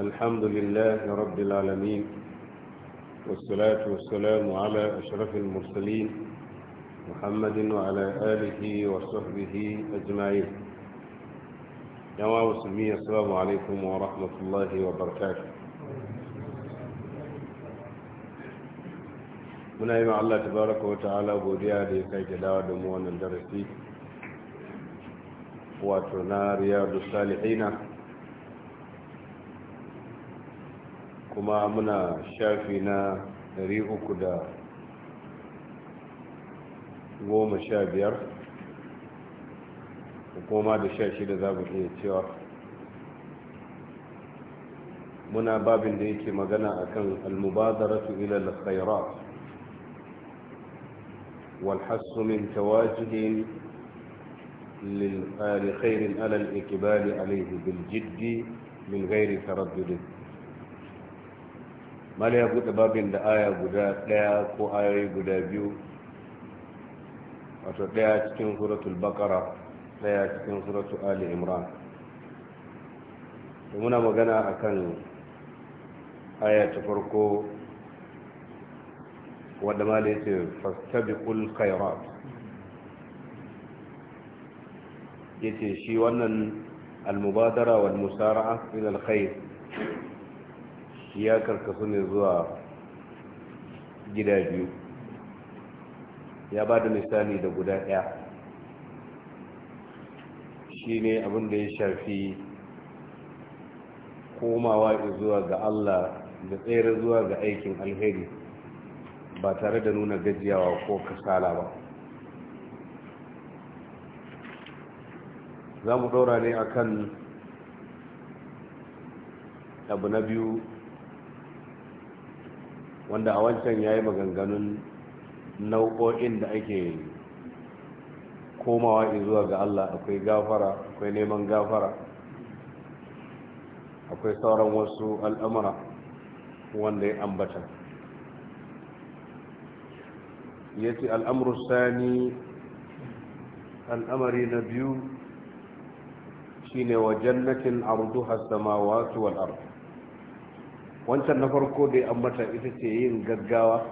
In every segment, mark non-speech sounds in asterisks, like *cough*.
الحمد لله رب العالمين والصلاة والسلام على أشرف المرسلين محمد وعلى آله وصحبه أجمعين يا مسلمين السلام عليكم ورحمة الله وبركاته من yi الله تبارك وتعالى ta'ala godiya كي ya دموان الدرسي واتنا رياض الصالحين kuma muna shafi na 315 koma da 16 za mu iya cewa muna babin da yake magana akan almubadaratu ila al-khairat wal hasu min tawajidin لخير على الإقبال عليه بالجد من غير تردد mala ya buɗe babin da aya guda ɗaya ko ayoyi guda biyu wato ɗaya cikin suratul bakara ɗaya cikin suratul ali imran da muna magana a kan aya ta farko wadda mala ya ce fastabiqul khairat ya ce shi wannan almubadara wal musara'a ila alkhair ya karkasu ne zuwa gida biyu ya ba da misali da guda ɗaya shi ne abinda ya shafi komawa zuwa ga Allah da tsere zuwa ga aikin alheri ba tare da nuna gajiyawa ko kasala ba za mu ɗora ne akan abu na biyu wanda a wancan ya yi maganganun nau'o'in da ake komawa zuwa ga Allah akwai gafara akwai neman gafara akwai sauran wasu al'amura wanda ya ambata ya ce al'amur sani al'amari na biyu shine wa jannatin arduha samawati wal wancan na farko da ya ambata ita ce yin gaggawa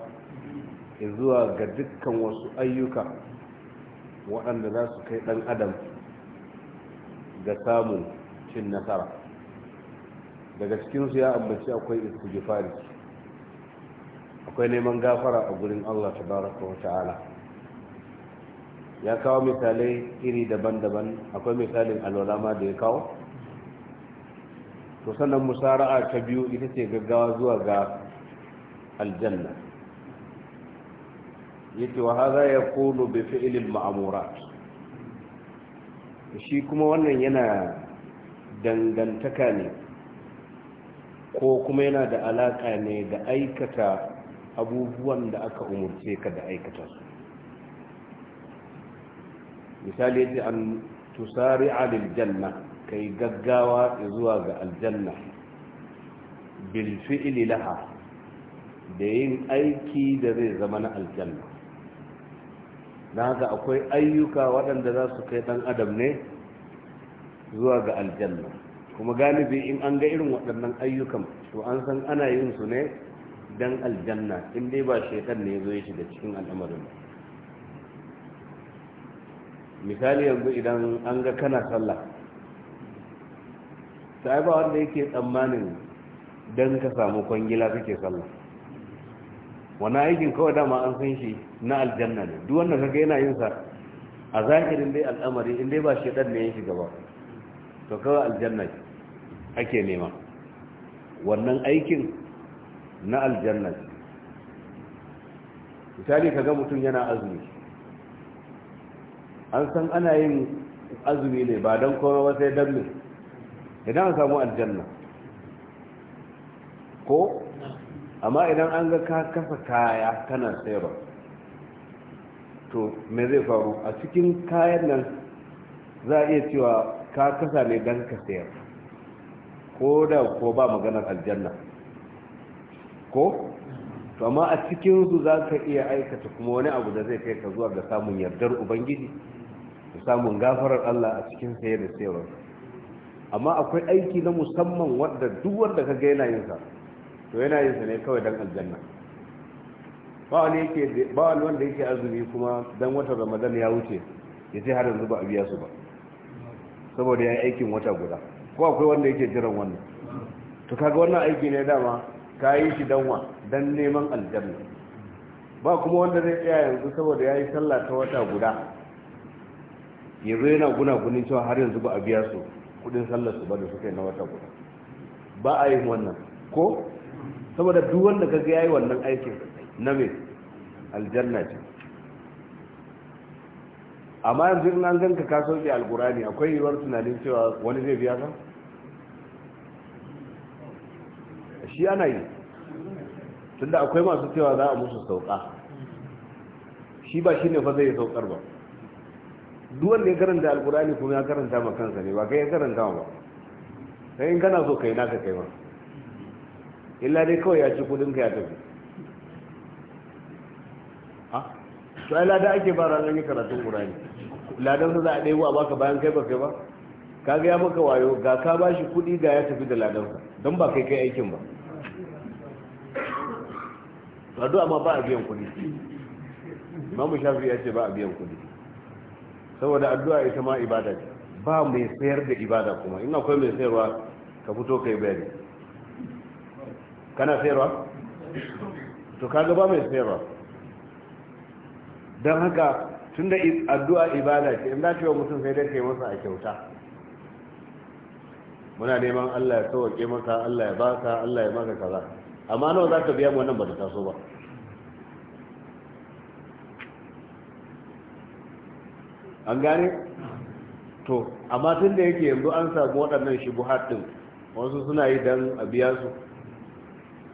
zuwa ga dukkan wasu ayyuka waɗanda za su kai ɗan adam ga samun cin nasara daga cikinsu ya ambaci akwai istighfari akwai neman gafara a gurin Allah tabaraka wa ta'ala ya kawo misalai iri daban-daban akwai misalin alwala ma da ya kawo to sannan musara'a ta biyu ita ce gaggawa zuwa ga aljanna yake wa haza ya kono bai fi'ilin ma'amura shi kuma wannan yana dangantaka ne ko kuma yana da alaƙa ne da aikata abubuwan da aka umurce ka da aikata su misali yadda an tusari alil janna ka yi gaggawa zuwa ga aljanna bil fi'li laha da yin aiki da zai zama na aljanna na haka akwai ayyuka waɗanda za su kai ɗan adam ne zuwa ga aljanna kuma galibi in an ga irin waɗannan ayyukan to an san ana yin su ne don aljanna in dai ba shekar ne zo ya shiga cikin al'amarin misali yanzu idan an ga kana sallah sai ba wanda yake tsammanin don ka samu kwangila kake sallah wani aikin kawai dama an san shi na aljanna ne duk wanda kaga yana yin sa a zahirin dai al'amari in dai ba shedan ne ya shiga ba to kawai aljanna ake nema wannan aikin na aljanna misali kaga mutum yana azumi an san ana yin azumi ne ba don kowa ba ya don idan an samu aljanna ko amma idan an ga ka kasa kaya kana sayarwa to me zai faru a cikin kayan nan za a iya cewa ka kasa ne don ka sayar ko da ko ba maganar aljanna ko to amma a cikin su za ka iya aikata kuma wani abu da zai kai ka zuwa ga samun yardar ubangiji da samun gafarar allah a cikin sayar da sayarwa amma akwai aiki na musamman wadda duk wanda ka ga yana yin sa to yana yin sa ne kawai dan aljanna ba wani yake ba wani wanda yake azumi kuma dan watan ramadan ya wuce ya ce har yanzu ba a biya su ba saboda ya yi aikin wata guda ko akwai wanda yake jiran wannan to kaga wannan aiki ne dama ka yi shi dan wa dan neman aljanna ba kuma wanda zai tsaya yanzu saboda ya yi sallah ta wata guda yanzu yana guna gunin cewa har yanzu ba a biya su kudin sallar su ba suka yi na wata guda ba a yin wannan ko saboda duk wanda ga yayi wannan aikin na me aljanna ce amma yanzu in an ganka ka sauke alkurani akwai yiwuwar tunanin cewa wani zai biya ka shi ana yi tunda akwai masu cewa za a musu sauka shi ba shi ne fa zai saukar ba duk wanda ya karanta alkurani kuma ya karanta ma kansa ne ba kai ya karanta ma ba sai in kana so kai naka kai ma illa dai kawai ya ci kudin ka ya tafi ha ah, to ai lada ake fara zan yi karatun kurani ladan sa za a dai wa baka bayan kai ba kai ba kaga ya maka wayo ga ka bashi kudi ga ya tafi da ladan sa don ba kai kai aikin ba addu'a ma ba a biyan kudi imamu shafi ya ce ba a biyan kudi saboda addu'a ita ma ibada ce ba mai sayar da ibada kuma ina akwai mai sayarwa ka fito kai bayani kana sayarwa to kaga ba mai sayarwa don haka tun da addu'a ibada ce in dace wa mutum sai dai kai masa a kyauta muna neman Allah ya sauke maka Allah ya baka Allah ya maka kaza amma nawa za ka biya mu wannan ba ta taso ba an gane to amma tun da yake yanzu an samu waɗannan shubuhat din wasu suna yi don a biya su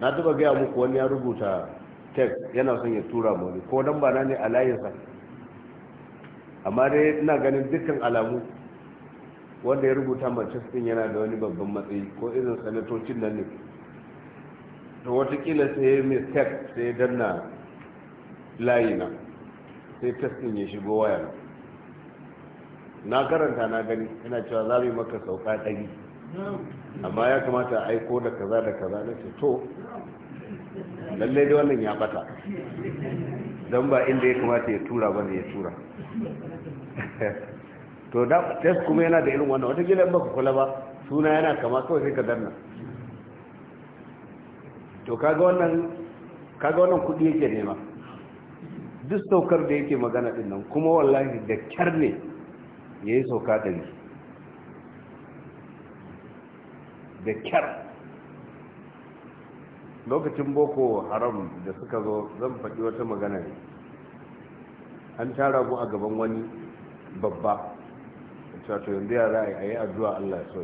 na taba gaya muku wani ya rubuta tek yana son ya tura mu ko don ba ne a layinsa amma dai ina ganin dukkan alamu wanda ya rubuta manchester yana da wani babban matsayi ko irin sanatocin nan ne to watakila sai mai tek sai danna layina sai testin ya shigo waya na karanta na gani yana cewa za mu yi maka sauka ɗari amma ya kamata a aiko da kaza da kaza na ce to lallai da wannan ya bata don ba inda ya kamata ya tura ba ne ya tura *laughs* to da test kuma yana da irin wannan wata gida ba ku kula ba suna yana kama kawai sai ka danna to kaga wannan kaga wannan kudi yake nema duk saukar da yake magana din nan kuma wallahi da kyar ne ya yi sauka ɗari da kyar lokacin boko haram da suka zo zan faɗi wata magana ne an tara mu a gaban wani babba cewa to yanzu yara a yi addu'a Allah ya so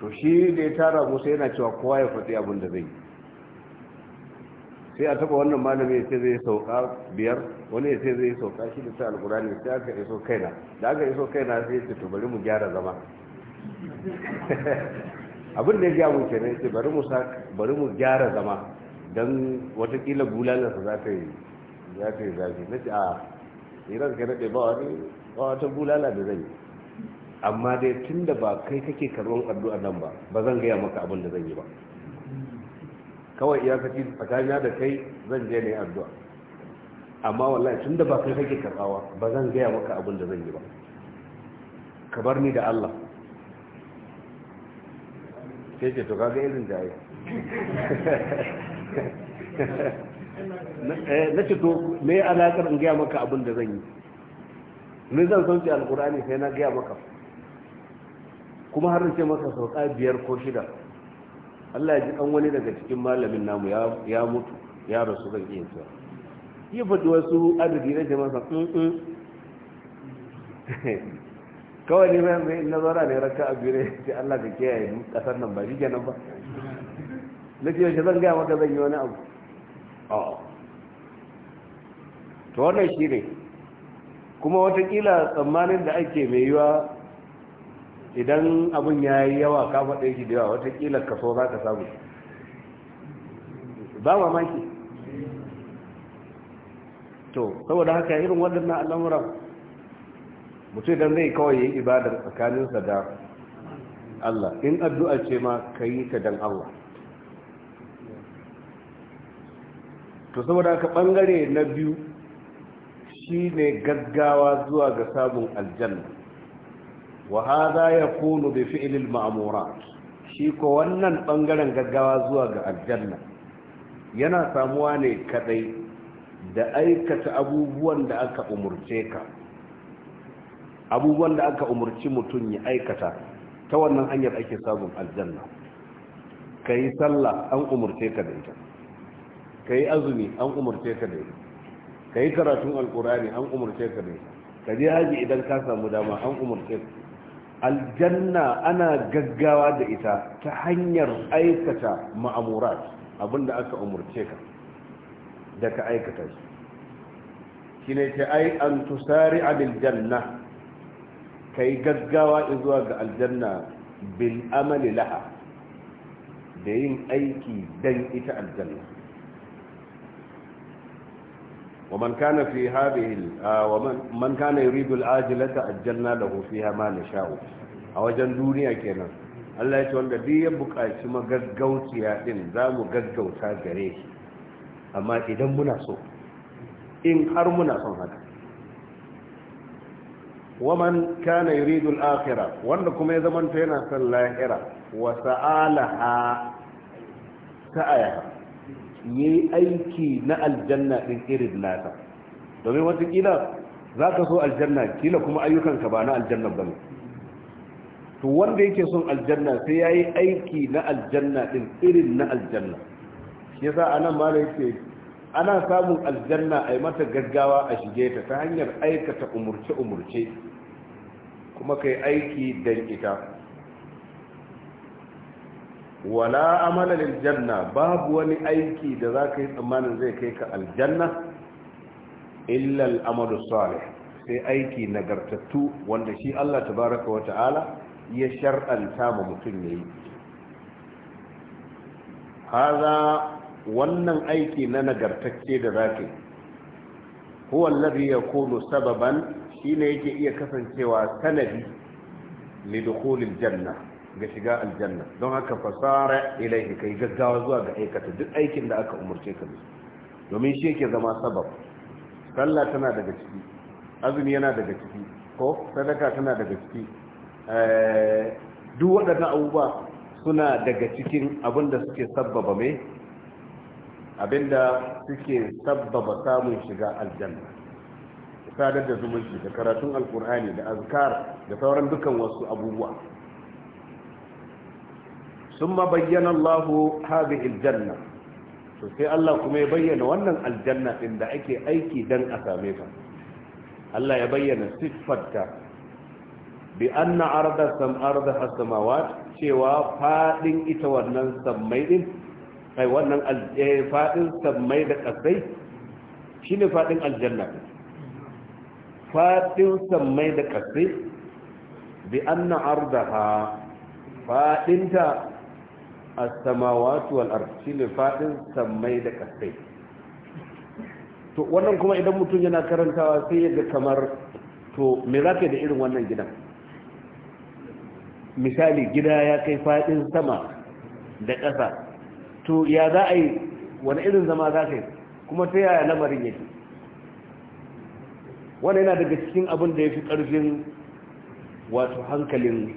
to shi da ya tara musa sai yana cewa kowa ya faɗi abin da zai yi sai a taba wannan malami ya ce zai sauka biyar wani ya ce zai sauka shi da ta alkurani sai aka iso kaina da aka iso kaina sai ce to bari mu gyara zama *laughs* abin da ya gya mun kenan ce bari mu bari mu gyara zama don watakila su za ta yi za ta yi zafi na ce a iran ka daɗe ba wani ba wata bulala da zan yi amma dai tun da ba kai kake karɓar addu'a nan ba ba zan gaya maka abin da zan yi ba kawai iyakaci tsakanina da kai zan je ne addu'a amma wallahi tun da ba kai kake karɓawa ba zan gaya maka abin da zan yi ba ka bar ni da Allah sai ce to kaga irin jaye *laughs* eh, na ce to me alaƙar in gaya maka abin da zan yi ni zan sauke alƙurani sai na gaya maka kuma har ce maka sauƙa biyar ko shida Allah ya ji an wani daga cikin malamin namu ya mutu ya rasu zan iya zuwa yi faɗi wasu adadi na jama'a sa mm, mm. *laughs* kawai ne mai nazara ne raka a biyu ne sai Allah ka kiyaye kasar nan ba shi kenan ba na ce yaushe zan gaya maka zan yi wani abu to wannan shi ne kuma watakila tsammanin da ake mai yiwa idan abin ya yi yawa kama ɗaya shi da yawa watakila kaso za ka samu ba mamaki to saboda haka irin waɗannan al'amuran mutu idan zai kawai yi ibadar tsakaninsa da Allah in addu'a ce ma ka yi ta dan Allah to saboda haka ɓangare na biyu shi ne gaggawa zuwa ga samun aljanna wa ya kunu bi fi'l al shi ko wannan bangaren gaggawa zuwa ga aljanna yana samuwa ne kadai da aikata abubuwan da aka umurce ka abubuwan da aka umurci mutum ya aikata ta wannan hanyar ake samun aljanna ka yi sallah an umurce ka da ita ka yi azumi an umurce ka da ita ka yi karatun alkurani an umurce ka da ita ka je haji idan ka samu dama an umurce ka aljanna ana gaggawa da ita ta hanyar aikata ma'amurat abinda aka umurce ka da ka aikata shi kine ta ai an tusari abil janna kai gaggawa izuwa ga aljanna bil amali da yin aiki dan ita aljanna ومن كان في هذه ومن من a يريد العاجله اجلنا له فيها ما نشاء اوجن دنيا kenan Allah yace wanda duk ya buƙaci magaggauciya din zamu gaggauta gare shi amma idan muna so in har muna son haka waman kana yuridu al-akhira wanda kuma ya zama yana son lahira wa sa'alaha ta'ayaha yi aiki na aljanna ɗin irin nasa domin watakila za ka so aljanna kila kuma ayyukanka ba na aljanna ba ne to wanda yake son aljanna sai ya yi aiki na aljanna ɗin irin na aljanna yasa anan nan ma yake ana samun aljanna a yi mata gaggawa a shige ta ta hanyar aikata umurce-umurce kuma kai aiki don ita wala amala lil janna babu wani aiki da zaka yi tsammanin zai kai ka aljanna illa al amalu salih sai aiki nagartattu wanda shi Allah Ta'baraka wa ta'ala ya shar'anta ma mutum yayi haza wannan aiki na nagartacce da zaka yi huwa alladhi yakunu sababan shine yake iya kasancewa sanadi li dukhulil janna ga shiga aljanna don haka fasara ilaihi kai gaggawa zuwa ga aikata duk aikin da aka umarce ka bi domin shi yake zama sabab sallah tana daga ciki azumi yana daga ciki ko sadaka tana daga ciki eh, duk waɗannan abubuwa suna daga cikin abinda suke sabbaba mai abinda suke sabbaba samun shiga aljanna sadar da zumunci da karatun alkur'ani da azkar da sauran dukan wasu abubuwa ثم بين الله هذه الجنة sai Allah kuma ya bayyana wannan aljanna din da ake aiki dan a same ta Allah ya bayyana siffarta bi anna arda sam arda as cewa fadin ita wannan sammai din kai wannan fadin sammai da kasai shine fadin aljanna fadin sammai da kasai bi anna ardaha fadinta as-samawati wal ard ne fadin sammai da kasai to wannan kuma idan mutum yana karantawa sai ya ga kamar to me za da irin wannan gidan misali gida ya kai fadin sama da ƙasa to ya za a yi wani irin zama za ka yi kuma ta yaya lamarin yake wani yana daga cikin abin da ya fi ƙarfin wato hankalin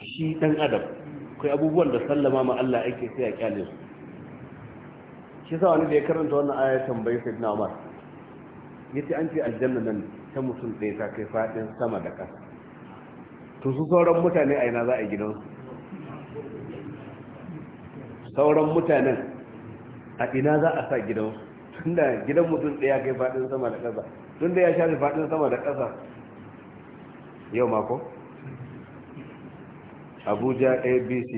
shi ɗan adam akwai abubuwan da sallama ma Allah ake sai a kyale su shi sa wani da ya karanta wannan aya tambayi sai na Umar yace an ce aljanna nan ta mutum ɗaya ta kai fadin sama da ƙasa to su sauran mutane a ina za a gidan su sauran mutanen a ina za a sa gidan su tunda gidan mutum ɗaya kai fadin sama da ƙasa tunda ya shafi fadin sama da ƙasa yau mako abuja abc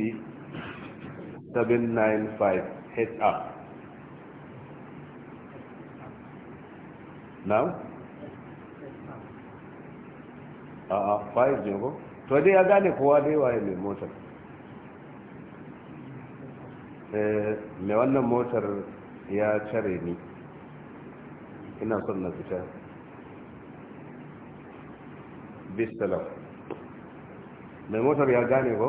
795 hr now a uh, uh, five jogo to dai ya gane kowa dai waye mai motar eh, mai wannan motar ya cire ni ina son na fita bisalam mai motar ya gane ko?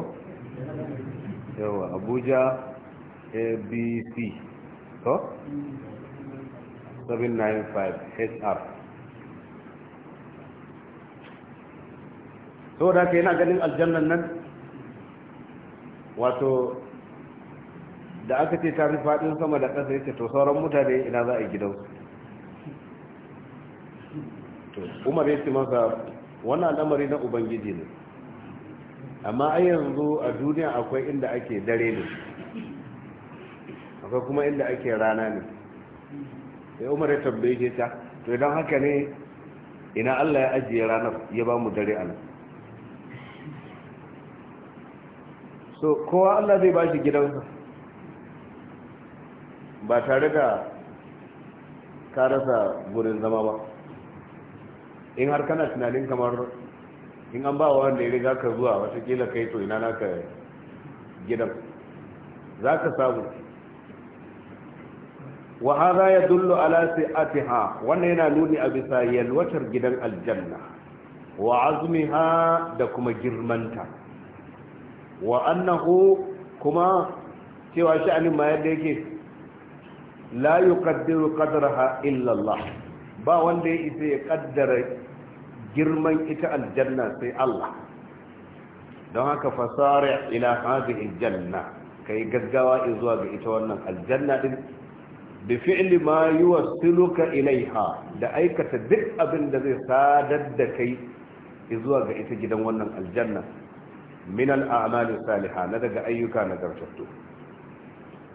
yawa abuja abc ko? 795 hr so da ke yana ganin aljannan nan wato da aka ce ta fadin sama da kasa yake to sauran mutane ina za a yi to umar ya ce masa wannan al'amari na ubangiji ne amma a yanzu a duniya akwai inda ake dare ne akwai kuma inda ake rana ne sai umar ya tambaye ke ta to idan haka ne ina Allah ya ajiye ranar ya ba mu dare a nan so kowa Allah zai ba shi gidansa ba tare da karasa gurin zama ba in har kana tunanin kamar in an ba wa wanda ya riga ka zuwa watakila kai to ina naka gidan za ka samu wa hada ya dullu ala si'atiha wannan yana nuni a bisa yalwatar gidan aljanna wa azmiha da kuma girmanta wa annahu kuma cewa sha'anin ma yadda yake la yuqaddiru qadraha illa Allah ba wanda ya isa ya kaddara girman ita aljanna sai Allah don haka fasari ila hadhihi aljanna kai gaggawa zuwa ga ita wannan aljanna din bi fi'li ma yuwassiluka ilaiha da aikata duk abin da zai sadar da kai zuwa ga ita gidan wannan aljanna min al'amali salihah na daga ayyuka na gartattu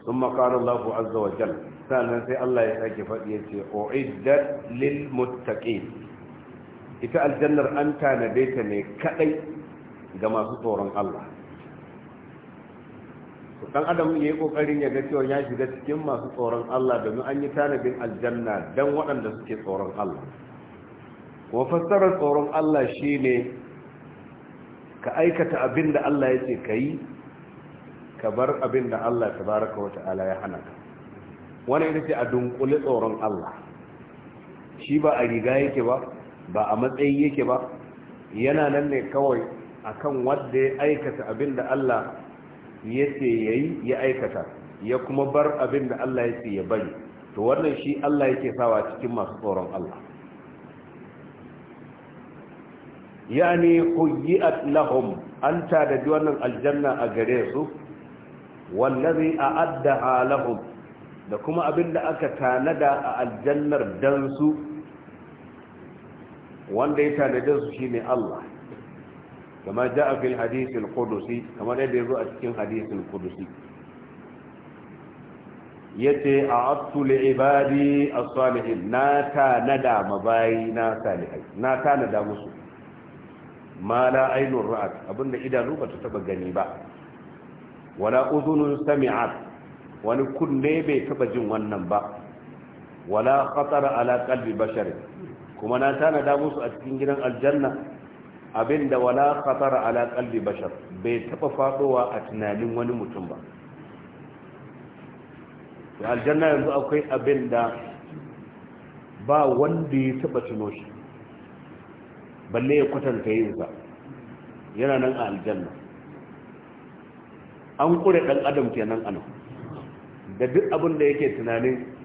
ثم قال الله عز وجل sannan sai Allah ya sake faɗi ya ce uiddat ita aljannar an tanade ta ne kadai ga masu tsoron Allah dan adam ya yi kokarin ya ga cewa ya shiga cikin masu tsoron Allah domin an yi tanadin aljanna dan waɗanda suke tsoron Allah kuma fassarar tsoron Allah shine ka aikata abin da Allah ya ce ka yi ka bar abin da Allah baraka wa ta'ala ya hana ka wani ita ce a dunkule tsoron Allah shi ba a riga yake ba ba a matsayi yake ba yana nan ne kawai akan wanda ya aikata abin da Allah ya ce ya yi ya aikata ya kuma bar abin da Allah ya ce ya bari to wannan shi Allah yake sawa cikin masu tsoron Allah yani huyi'at lahum da tadadi wannan aljanna a gare su wallazi a'adda lahum da kuma abin da aka tanada a aljannar dan su wanda ya tanade su shine Allah kama ja'a fil kamar yadda yazo a cikin hadisin Kudusi, yace a li ibadi a salihin na tanada mabayi na salihai na tanada musu ma la ainur ra'at abinda idanu ba ta taba gani ba wala uzunun sami'ar wani kunne bai taba jin wannan ba wala khatar ala qalbi bashar kuma na tanada musu a cikin gidan aljanna abinda wala khatara ala qalbi bashar bai taba fadowa a tunanin wani mutum ba da aljanna yanzu akwai abinda ba wanda ya taba tuno shi balle ya kwatanta yin sa yana nan a aljanna an kure dan adam kenan anan da duk abin da yake tunanin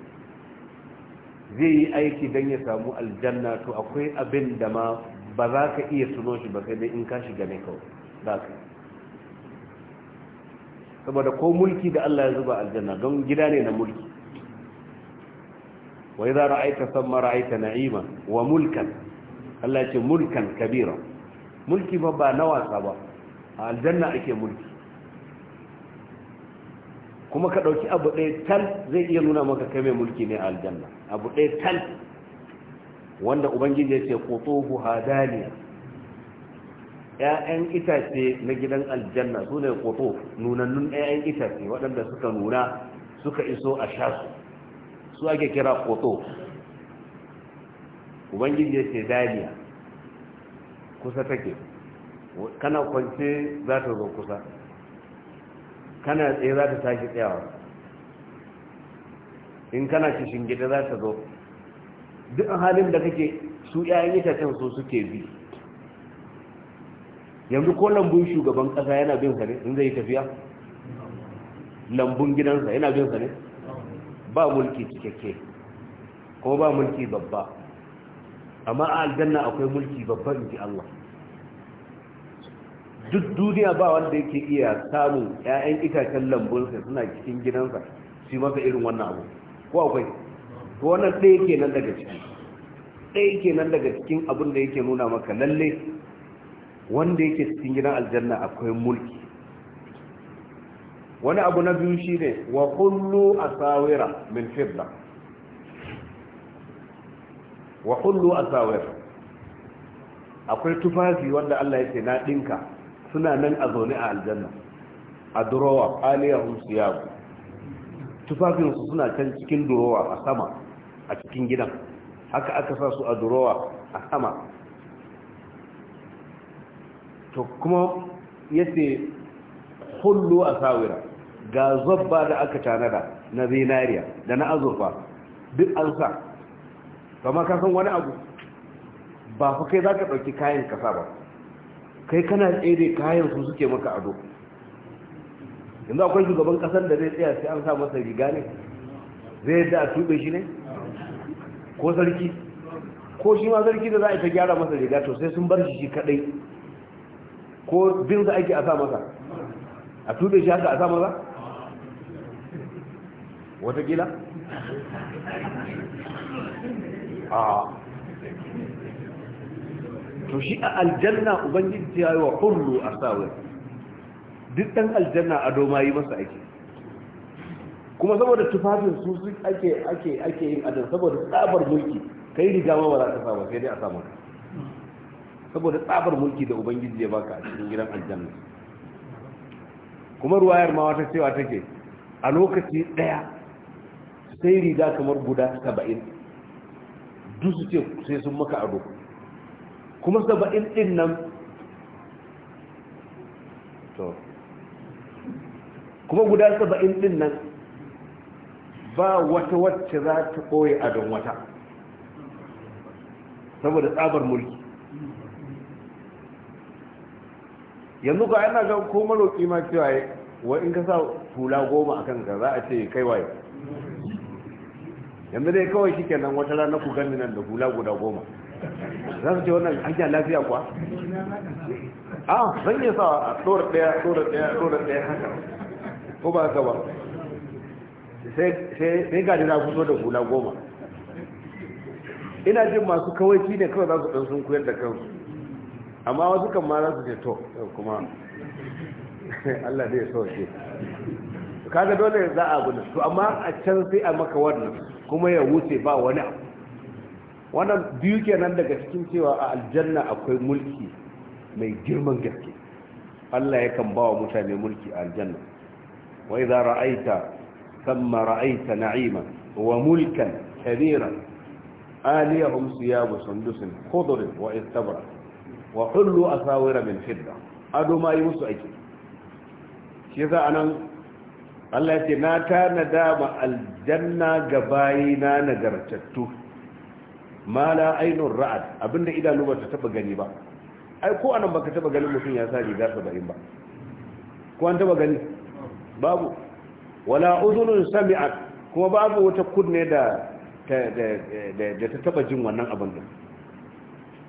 zai yi aiki don ya samu aljanna to akwai abin da ma ba za ka iya suno shi ba sai dai in ka shiga ne kawai za ka saboda ko mulki da Allah ya zuba aljanna don gida ne na mulki wa idza ra'aita samma ra'aita na'ima wa mulkan Allah ya ce mulkan kabira mulki ba ba na wasa ba a aljanna ake mulki kuma ka ɗauki abu ɗaya tal zai iya nuna maka kai mai mulki ne a aljanna abu ɗaya tal wanda ubangiji ya ce kutubu hadaniya ƴaƴan itace na gidan aljanna su ne kutu nunannun ƴaƴan itace waɗanda suka nuna suka iso a sha su su ake kira kutu ubangiji ya ce daniya kusa take kana kwance za ta zo kusa kana tsaye za ta tashi tsayawa in kana ci shingida za ta zo duk halin da kake su 'ya'yan itacen so suke bi yanzu ko lambun shugaban kasa yana bin sa ne in zai tafiya lambun gidansa yana bin sa ne ba mulki cikakke ko ba mulki babba amma a aljanna akwai mulki babba in ji Allah duk duniya ba wanda yake iya samun 'ya'yan itacen lambunsa suna cikin gidansa su masa irin wannan abu ko akwai to wannan ɗaya nan daga ciki ɗaya nan daga cikin abin da yake nuna maka lalle wanda yake cikin gidan aljanna akwai mulki wani abu na biyu shine wa kullu asawira min fidda wa kullu asawira akwai tufafi wanda Allah ya ce na dinka suna nan a zaune a aljanna a durowa aliyahun siyabu tufafinsu suna can cikin durowa a sama a cikin gidan haka aka sa su a durowa a sama to kuma ya ce hullu a sawira ga zobba da aka tanada na zinariya da na azurfa duk an sa kama kasan wani abu ba fa kai za ka ɗauki kayan kasa ba kai kana tsere kayan su suke maka ado yanzu akwai shugaban kasar da zai tsaya sai an sa masa riga ne zai yadda a tuɓe shi ne ko sarki ko shi ma sarki da za a ta gyara masa riga to sai sun bar shi shi kadai ko bin za ake a sa masa a tuɓe shi haka a sa masa watakila a to shi a aljanna ubangiji ya yi wa kullu a sawai duk ɗan aljanna a doma yi masa ake kuma saboda tufafin su su ake ake ake yin adam saboda tsabar mulki kai riga ma ba za ta samu sai dai a samu saboda tsabar mulki da ubangiji ya baka a cikin gidan aljanna kuma ruwayar ma wata cewa take a lokaci daya sai riga kamar guda saba'in duk su ce sai sun maka ado kuma saba'in din nan to kuma guda saba'in din nan ba wata wacce za ta ɓoye a don wata saboda tsabar mulki yanzu ga yana ga ko maroƙi ma cewa wa in ka sa hula goma a kanka za a ce kai waye yanzu dai kawai shi kenan wata rana ku gani nan da hula guda goma za su ce wannan hanya lafiya kuwa a zan yi sa a tsoron ɗaya tsoron ɗaya tsoron ɗaya haka ko ba haka ba sai gani na kuso da hula goma ina jin masu kawaici ne kawai za su ɗan sun koyar da kansu amma wasu kan ma za su ce to kuma *laughs* Allah ne zai sauke kaga dole za a gudu to amma a can sai a maka wannan kuma ya wuce ba wani abu wannan biyu kenan daga cikin cewa a aljanna akwai mulki mai girman gaske Allah yakan ba wa mutane mulki a aljanna wa idza ra'aita thumma ra'aita na'iman wa mulkan kabiran aliyahum siyabu sundusin khudr wa istabra wa hullu asawira min fidda ado ma yi musu aiki shi yasa anan Allah ya ce na tanada ma aljanna na nagartattu ma la ainun ra'ad abinda idanu ba ta taba gani ba ai ko anan baka taba ganin mutum ya sa riga saba'in ba ko an taba gani babu wala uzunun sami'at kuma babu wata kunne da da ta taba jin wannan abin da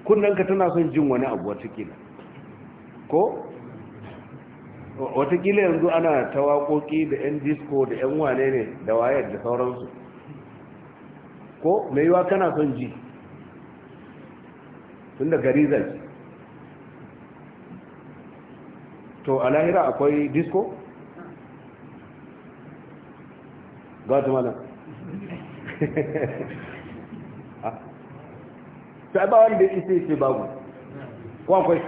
kunnen ka tana son jin wani abu kila ko kila yanzu ana tawakoki da 'yan disco da 'yan wane ne da wayar da sauransu ko mai yiwa kana son ji tun da gari zai to a lahira akwai disco? guatemala *laughs* ah. ta ba wanda isi ce babu kwakwai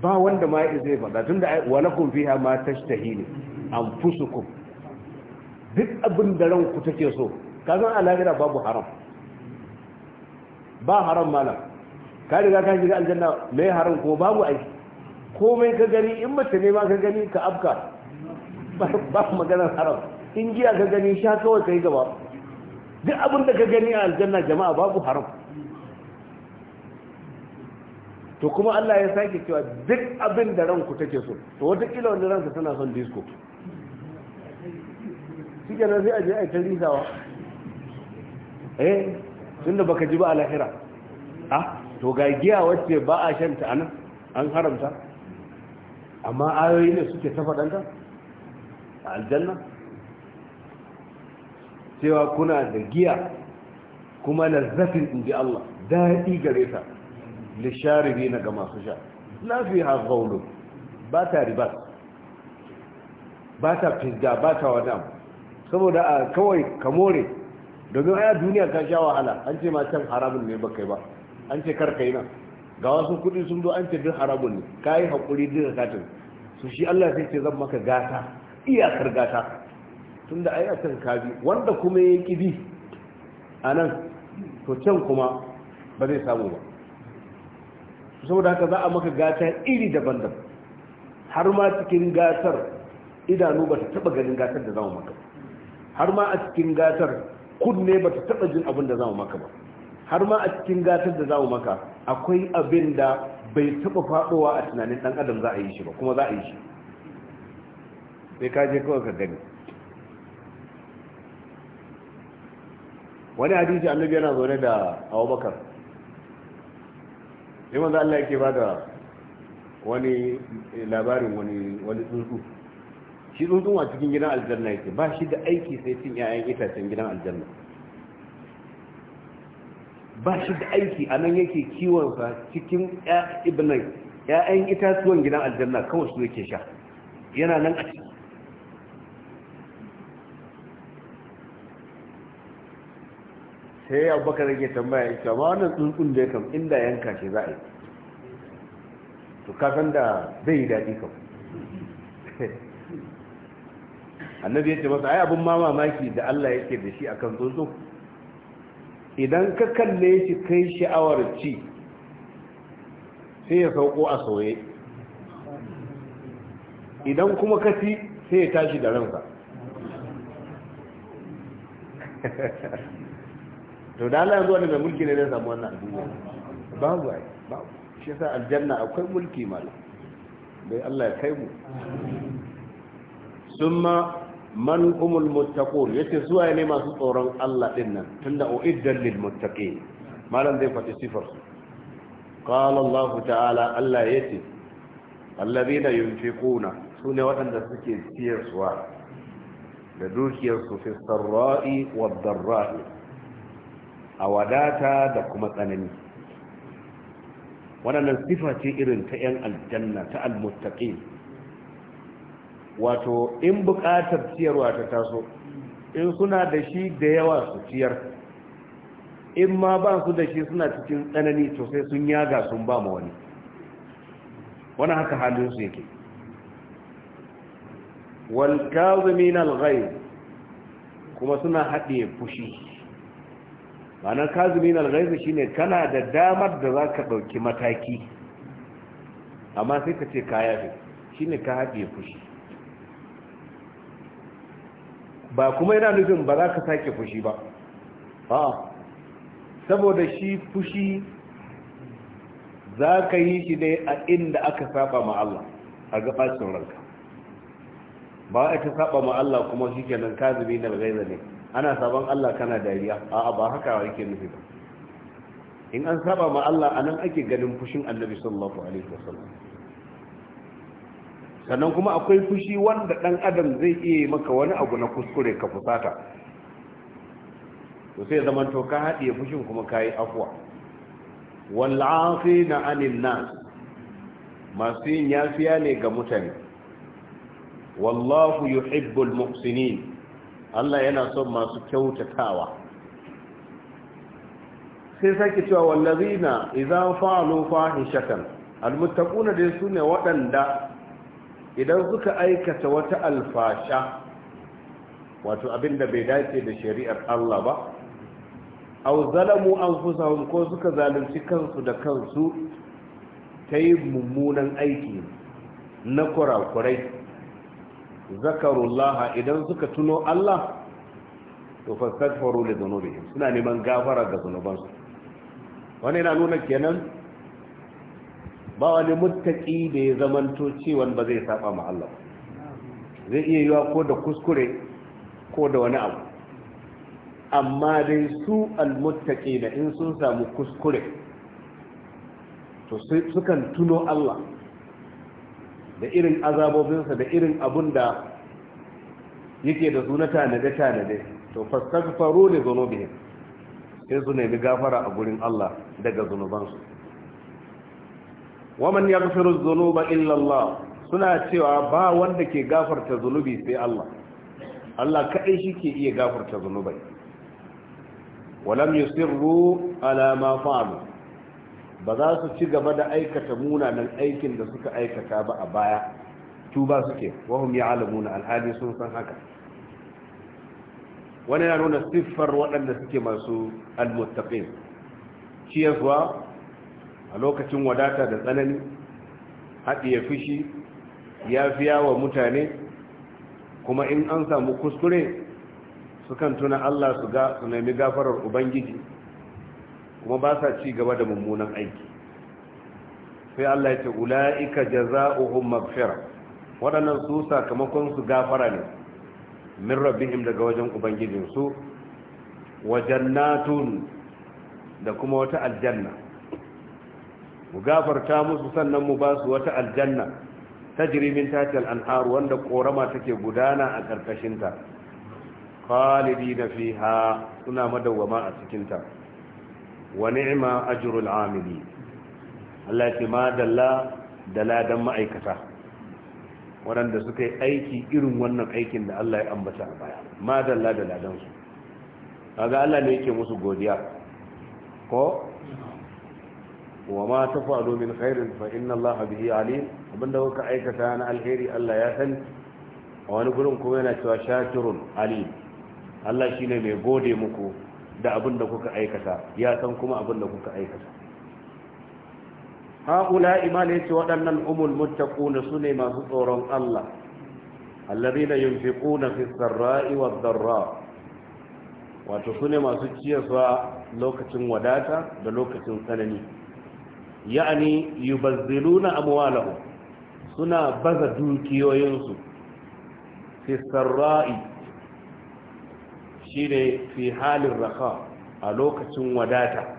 ba wanda ma zai faɗa tun da walakun fiha ma ta tashtahi ne an ku, duk abin da ranku take so kazan a lahira babu haram ba haram malam ka riga ka shiga aljanna mai haram ko babu aiki komai ka gani in mace ne ma ka gani ka afka ba maganar haram in jiya ka gani sha kawai ka yi gaba duk abin da ka gani a aljanna jama'a babu haram to kuma Allah ya sake cewa duk abin da ranku take so to kila wanda ranka tana son disco shi kenan sai a je a yi eh tunda baka ji ba a lahira ah to ga giya wacce ba a shanta a nan an haramta amma ayoyi ne suke ta faɗanta a aljanna cewa kuna da giya kuma lazzatin inji Allah daɗi gare ta lisharibi na ga masu sha lafiya zaulu ba ta riba ba ta fizga ba ta wada saboda a kawai kamore domin aya duniya ka sha wahala an ce ma can haramun ne ba kai ba an ce kar yi nan ga wasu kuɗi sun zo an ce duk haramun ne ka yi haƙuri duk katin su shi Allah sai ce zan maka gata iyakar gata tun da ayyukan kabi wanda kuma ya ƙi bi a nan to can kuma ba zai samu ba saboda haka za a maka gata iri daban-daban har ma cikin gatar idanu ba ta taɓa ganin gatar da zama maka har ma a cikin gatar kunne ba ta taɓa jin abin da zama maka ba har ma a cikin gatar da za mu maka akwai abin da bai taɓa faɗowa a tunanin ɗan adam za a yi shi ba kuma za a yi shi sai ka je kawai ka gani wani hadisi annabi yana zaune da bakar sai manzo Allah yake bada wani labarin wani wani tsuntsu shi tsuntsun a cikin gidan aljanna yake ba shi da aiki sai cin 'ya'yan itacen gidan aljanna ba shi da aiki a nan yake sa cikin ibnai ‘ya'yan itatuwan gidan aljanna kawai su yake sha yana nan a ciki sai ya baka rage tambaya ita ba wannan tsuntsun da ya kam inda yanka ce za a yi to kasan da zai yi daɗi kam *laughs* annabi ya ce masa ai abin mamaki da Allah yake da shi akan tsuntsun idan ka kalle shi kai sha'awar ci sai ya sauko a soye idan kuma ka ci sai ya tashi da ransa *laughs* to da Allah yanzu wanda mai mulki ne zai samu wannan al'umma babu ai babu shi yasa aljanna akwai mulki malam bai Allah ya kai mu summa man umul muttaqun yace zuwa ne masu tsoron Allah din nan tunda uiddan lil muttaqin malam zai faɗi sifar su qala Allah ta'ala Allah yace alladhina yunfiquna sune waɗanda suke siyarwa da dukiyar su fi sarra'i wad darra'i a wadata da kuma tsanani waɗannan sifa ce irin ta 'yan aljanna ta almuttaqin wato in buƙatar ciyarwa ta taso in suna da shi da yawa su ciyar in ma ba su da shi suna cikin tsanani to sai sun yaga sun ba ma wani wani haka halin su yake wal kazimin al-ghayb kuma suna haɗe fushi ma'anar kazimin al-ghayb shine kana da damar da zaka dauki mataki amma sai ka ce ka yafe shine ka haɗe fushi ba kuma yana nufin ba za ka sake fushi ba a saboda shi fushi za ka yi shi ne a inda aka saba ma Allah a gabacin ranka ba a ta saba ma Allah kuma shi kenan kazumi na gaiza ne ana saban Allah kana dariya a'a ba haka yake nufi ba in an saba ma Allah anan ake ganin fushin annabi sallallahu alaihi wasallam sannan kuma akwai fushi wanda dan adam zai iya maka wani abu na kuskure ka fusata to sai zaman to ka haɗiye fushin kuma ka yi afuwa wal'afi na anin nan? masu yin yafiya ne ga mutane wallahu yuhibbul muhsinin Allah yana son masu kyautatawa sai sake cewa wallazina idza fa'alu fahishatan almuttaquna dai sune waɗanda idan suka aikata wata alfasha wato abin da bai dace da shari'ar Allah ba aw zalamu anfusahum ko suka zalunci kansu da kansu ta yi mummunan aiki na kurakurai zakarullaha idan suka tuno Allah to fastaghfiru li dhunubihim suna neman gafara ga zunubansu wannan yana nuna kenan ba wani mutaki da ya zamanto ciwon ba zai saba ma Allah zai iya yiwa ko da kuskure ko da wani abu amma dai su almuttaki da in sun samu kuskure to sukan tuno Allah da irin azabobinsa da irin abun da yake da suna na tanade-tanade to ne li dhunubihim sai su nemi gafara a gurin Allah daga zunubansu waman yaghfiru dhunuba illa suna cewa ba wanda ke gafarta zunubi sai Allah Allah shi ke iya gafarta zunubai walam yusirru ala alama fa'alu ba za su ci gaba da aikata munanan aikin da suka aikata ba a baya tuba suke wahum ya'lamuna alhali sun san haka wani ya nuna siffar waɗanda suke masu almuttaqin ciyarwa a lokacin wadata da tsanani haɗiye fushi ya fiya wa mutane kuma in an samu kuskure sukan tuna Allah su ga su nemi gafarar ubangiji kuma ba sa ci gaba da mummunan aiki sai Allah ya ce ula'ika jaza'uhum maghfira waɗannan su sakamakon su gafara ne min rabbihim daga wajen ubangijinsu wa jannatun da kuma wata aljanna mu gafarta musu sannan mu ba su wata aljanna ta min tahtiha al-anhar wanda korama take gudana a karkashin ta khalidina fiha suna madawwama a cikinta. ta wa ni'ma ajrul Amini. Allah ya ma dalla da ladan ma'aikata waɗanda suka yi aiki irin wannan aikin da Allah ya ambata a baya ma dalla da ladan su kaga Allah ne yake musu godiya ko wa ma tafa'alu min khairin fa inna Allah bihi alim abinda kuka aikata na alheri Allah ya sani a wani gurin kuma yana cewa shakirun alim Allah shine mai gode muku da abinda kuka aikata ya san kuma abinda kuka aikata haula imani yace waɗannan umul muttaquna sune masu tsoron Allah alladhina wato sune masu ciyarwa lokacin wadata da lokacin tsanani ya'ani yubazziluna amwalahum suna baza dukiyoyinsu fi sarra'i shine fi halin raha a lokacin wadata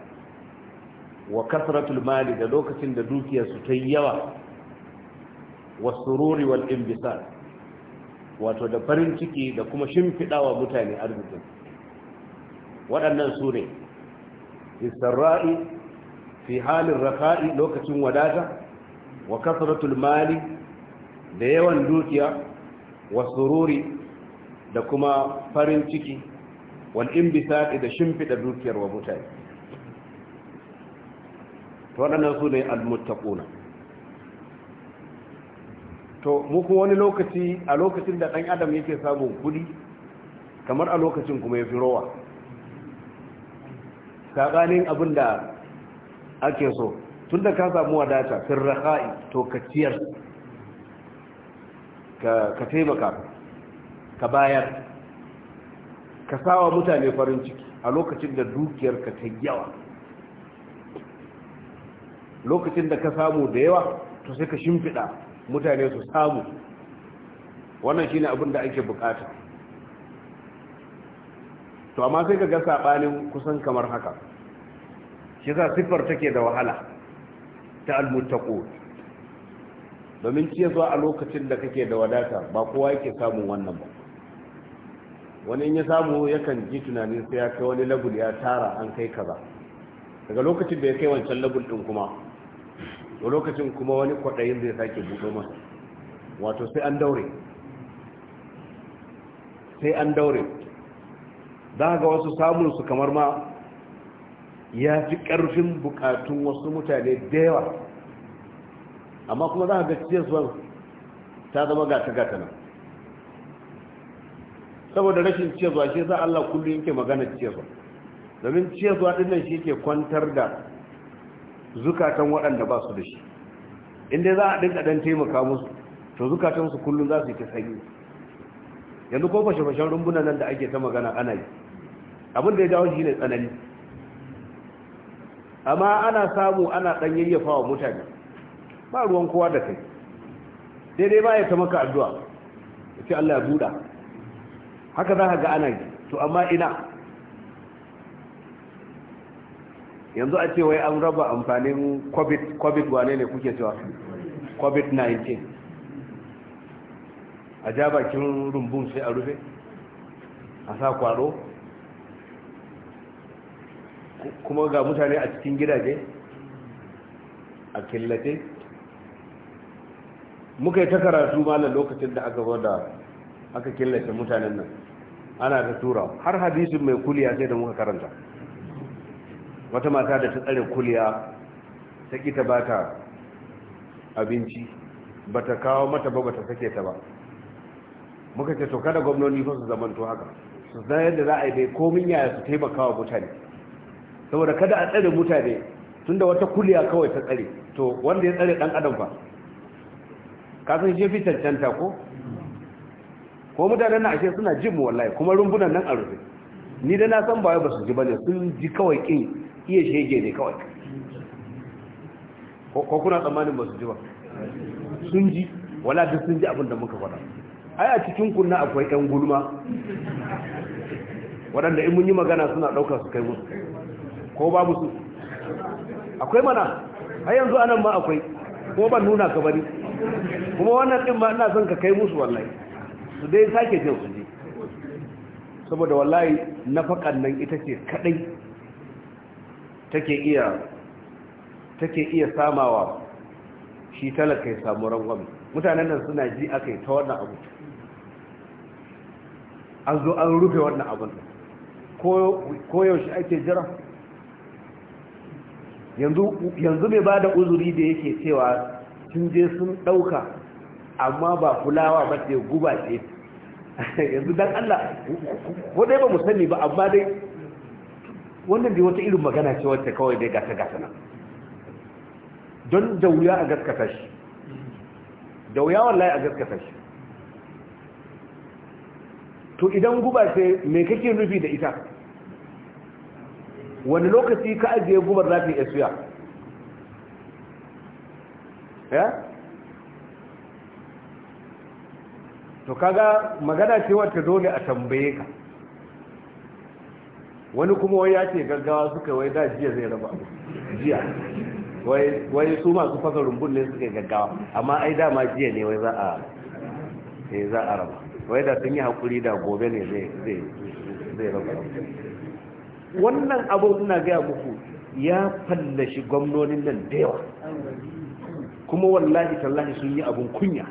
wa kasratul mali da lokacin da dukiyarsu ta yawa wa sururi wal inbisar wato da farin ciki da kuma shimfiɗawa mutane arzikin waɗannan su ne fi sarra'i fi halin rafa'i lokacin wadata wa kasratul mali da yawan dukiya wa sururi da kuma farin ciki wal inbisaqi da shimfiɗa dukiyar wa mutane to wadannan su ne almuttaquna to muku wani lokaci a lokacin da ɗan adam yake samun kudi kamar a lokacin kuma ya fi rowa abin abinda ake so tun da ka samu wadata firraha'i to ka ciyar ka taimaka ka bayar ka sawa mutane farin ciki a lokacin da dukiyar ka ta yawa lokacin da ka samu da yawa to sai ka shimfiɗa mutane su samu wannan shine abin da ake bukata to amma sai ka ga saɓanin kusan kamar haka shi sa siffar take da wahala ta almuttaqu domin ce zuwa a lokacin da kake da wadata ba kowa yake samun wannan ba wani ya samu yakan ji tunanin sai ya kai wani labul ya tara an kai kaza daga lokacin da ya kai wancan labul din kuma Da lokacin kuma wani kwaɗayin zai sake buɗo masa wato sai an daure sai an daure za ga wasu samun su kamar ma ya fi ƙarfin bukatun wasu mutane da yawa amma kuma za a ga ciyarwar ta zama gata-gata nan saboda rashin ciyarwa shi za Allah kullum yake magana ciyarwa domin ciyarwa ɗin nan shi ke kwantar da zukatan waɗanda ba su da shi inda za a dinka ɗan taimaka musu to zukatansu kullum za su yi ta sanyi yanzu ko fashe-fashen rumbunan nan da ake ta magana ana yi abin da ya dawo shi ne tsanani amma ana samu ana ɗan yayyafa wa mutane ba ruwan kowa da kai daidai ba ya ta maka addu'a ya ce Allah ya buɗa haka za ka ga ana yi to amma ina yanzu a ce wai an raba amfanin covid covid wane ne kuke cewa covid-19 a ja bakin rumbun sai a rufe a sa kwaro kuma ga mutane a cikin gidaje a killace muka yi ta karatu na lokacin da aka da aka killace mutanen nan ana ta tura har hadisin mai kuliya sai da muka karanta wata mata da ta tsare kuliya ta ƙi ta abinci ba ta kawo mata ba ba ta sake ta ba muka ce to kada gwamnoni fa su zamanto haka su zayar da za a yi bai komin yaya su taimaka wa mutane saboda kada a tsare mutane tunda wata kuliya kawai ta tsare to wanda ya tsare dan adam ba kasan shi fi cancanta ko ko mutanen na ashe suna jin mu wallahi kuma rumbunan nan a rufe ni da na san baya ba su ji bane sun ji kawai kin iya shege ne kawai ko kuna tsammanin ba su ji ba sun ji wala duk sun ji abin da muka faɗa ai a cikin kunna akwai ɗan gulma waɗanda in mun yi magana suna ɗauka su kai musu ko babu su akwai mana har yanzu anan ma akwai ko ban nuna ka bari kuma wannan din ma ina son ka kai musu wallahi su dai sake jin su je saboda wallahi nafakan nan ita ce kadai take iya take iya samawa shi talaka ya samu rangwame mutanen nan suna ji aka yi ta wannan abu an zo an rufe wannan abin koyaushe ake jira yanzu mai ba da uzuri da yake cewa sun je sun ɗauka amma ba fulawa ba ce guba ce *laughs* yanzu don Allah ko dai ba mu sani ba amma dai wannan dai wata irin magana ce wacce kawai dai gasa gasa na don da wuya a gaskata shi da wuya wallahi a gaskata shi to idan guba ce me kake nufi da ita wani lokaci ka ajiye gubar za ta suya ya eh? to kaga magana ce wata dole a tambaye ka wani kuma wai ya ce gaggawa suka wai da jiya zai raba abu jiya wai su masu fasa rumbun ne suka gaggawa amma ai dama jiya ne wai za a eh, za a raba wai da sun yi haƙuri da gobe ne zai raba abu wannan abun ina gaya muku ya fallashi gwamnonin nan da yawa kuma wallahi tallahi sun yi abun kunya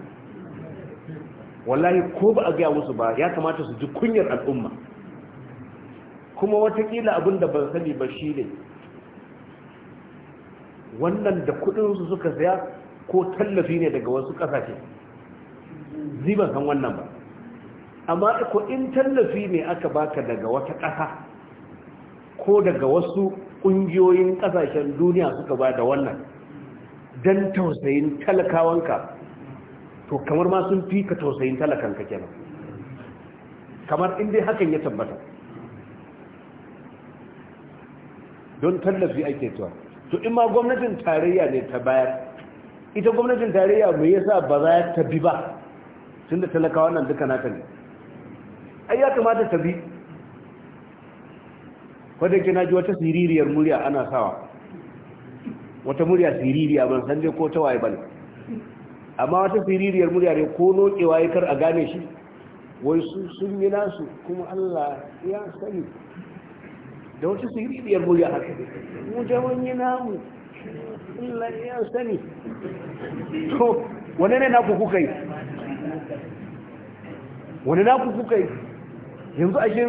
wallahi ko ba a gaya musu ba ya kamata su ji kunyar al'umma kuma watakila abin da ban sani ba shi ne wannan da kudinsu suka saya ko tallafi ne daga wasu kasashe ziban san wannan ba amma ko in tallafi ne aka baka daga wata ƙasa ko daga wasu ƙungiyoyin ƙasashen duniya suka ba da wannan don tausayin talakawanka to kamar ma sun fi ka tausayin talakanka kenan kamar inda hakan ya tabbata don tallafi ake tuwa to in ma gwamnatin tarayya ne ta bayar ita gwamnatin tarayya mai yasa ba za ta bi ba tun da talakawan nan duka nata ne ai ya kamata ta bi wadda ke na ji wata siririyar murya ana sawa wata murya siririya ban san dai ko ta waye bane amma wata siririyar murya ne ko nokewa waye kar a gane shi wai su sun yi nasu kuma Allah ya sani da wata siririyar murya haka mu je mun yi namu Allah ya sani to wane ne naku kuka yi wane naku kuka yi yanzu ashe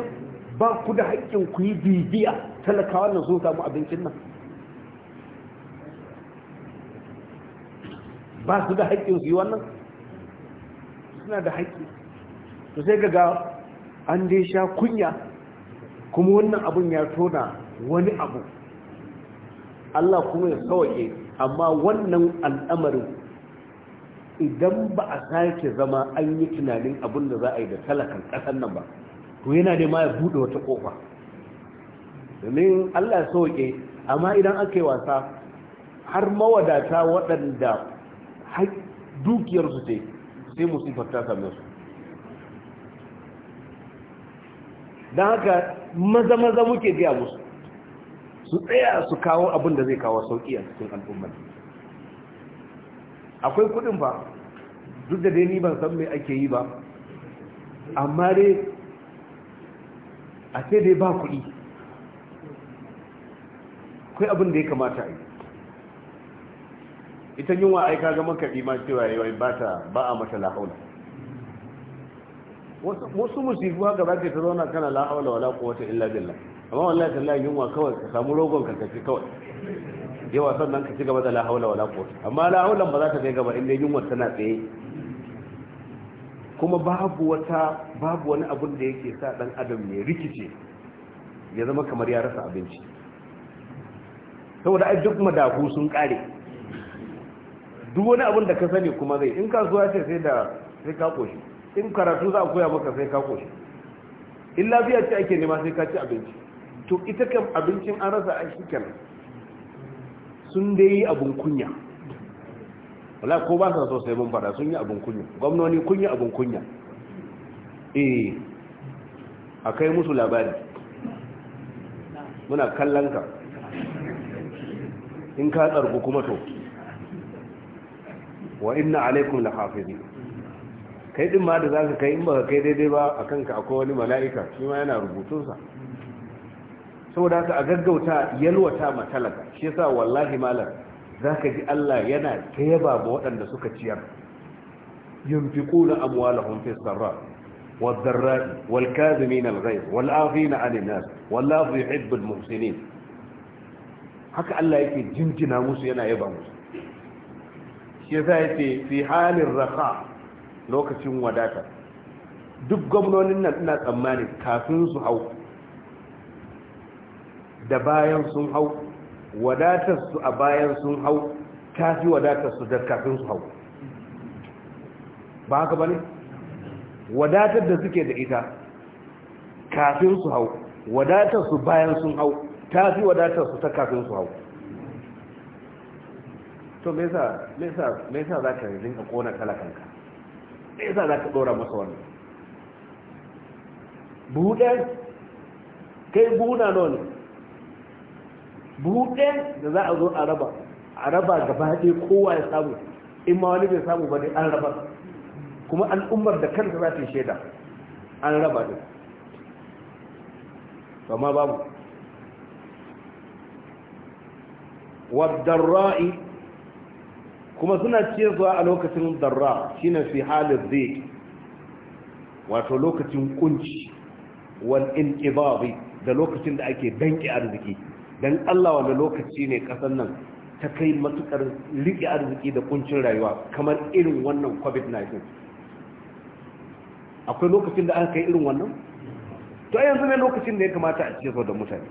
ba ku da haƙƙin ku yi bibiya talakawa na sun samu abincin nan ba su da haƙƙin su yi wannan suna da haƙƙi to sai gaga an dai sha kunya kuma wannan abun ya tona wani abu Allah kuma ya sauke amma wannan al'amarin idan ba a sake zama an yi tunanin abin da za a yi da talakan ƙasar nan ba to yana da ma ya buɗe wata ƙofa domin Allah ya soke amma idan aka yi wasa har mawadata waɗanda dukiyarsu ce sai musifar ta same su don haka maza-maza muke biya musu su tsaya su kawo abin da zai kawo sauƙi a cikin al'ummar akwai kudin ba duk da dai ni ban san mai ake yi ba amma dai a sai dai ba kuɗi kai abin da ya kamata a yi ita yunwa aika ga makaɗi ma cewa yawai ba ta ba a mata la'aula wasu musifu haka ba ke ta zauna kana la'aula wala wata illa billah amma wallahi tallahi yunwa kawai ka samu rogon ka kaci kawai yawa sannan ka ci gaba da la'aula wala kowata amma la'aulan ba za ta kai gaba inda yunwa tana tsaye kuma babu wata babu wani abun da yake sa dan adam ya rikice ya zama kamar ya rasa abinci saboda duk madafu sun kare duk wani abun da ka sani kuma zai in kasuwa ce sai da sai ka koshi in karatu za a koya maka sai ka koshi in lafiya ce ake nema sai ka ci abinci to ita kan abincin an rasa a shi sun dai abun kunya wala ko ba sa so sai mun fara sun yi abin kunya gwamnoni kun yi abin kunya eh a kai musu labari muna kallon ka in ka tsarku kuma to wa inna alaikum lahafizi kai din ma da za ka kai in baka kai daidai ba a kanka akwai wani mala'ika shi ma yana rubutunsa saboda ka a gaggauta yalwata matalaka shi yasa wallahi malaka za ka ji Allah yana ta yaba ba waɗanda suka ciyar yunfiquna amwalahum fi sarra والضراء na الغيظ والعافين عن الناس والله يحب المحسنين haka Allah yake jinjina musu yana yaba musu shi yasa fi halin raqa lokacin wadata duk gwamnonin nan ina tsammani kafin su hau da bayan sun hau wadatarsu a bayan sun hau ta fi wadatarsu da kafin su hau ba haka ba ne wadatar da suke da ita kafin su hau wadatarsu bayan sun hau ta fi wadatarsu ta kafin su hau to me sa za ka rinka kona talakanka me sa za ka dora masa wani buɗe kai buɗa nawa buhu ɗaya da za a zo a raba a raba gaba ɗaya kowa ya samu in ma wani bai samu ba ne an raba kuma al'ummar da kanta za ta sheda an raba ɗin amma babu wadarra'i kuma suna ce zuwa a lokacin darra na fi halin zai wato lokacin kunci wal inqibabi da lokacin da ake danke arziki dan Allah wanda lokaci ne kasan nan ta kai matukar riƙe arziki da kuncin rayuwa kamar irin wannan covid-19 akwai lokacin da aka kai irin wannan to yanzu ne lokacin da ya kamata a cikin da mutane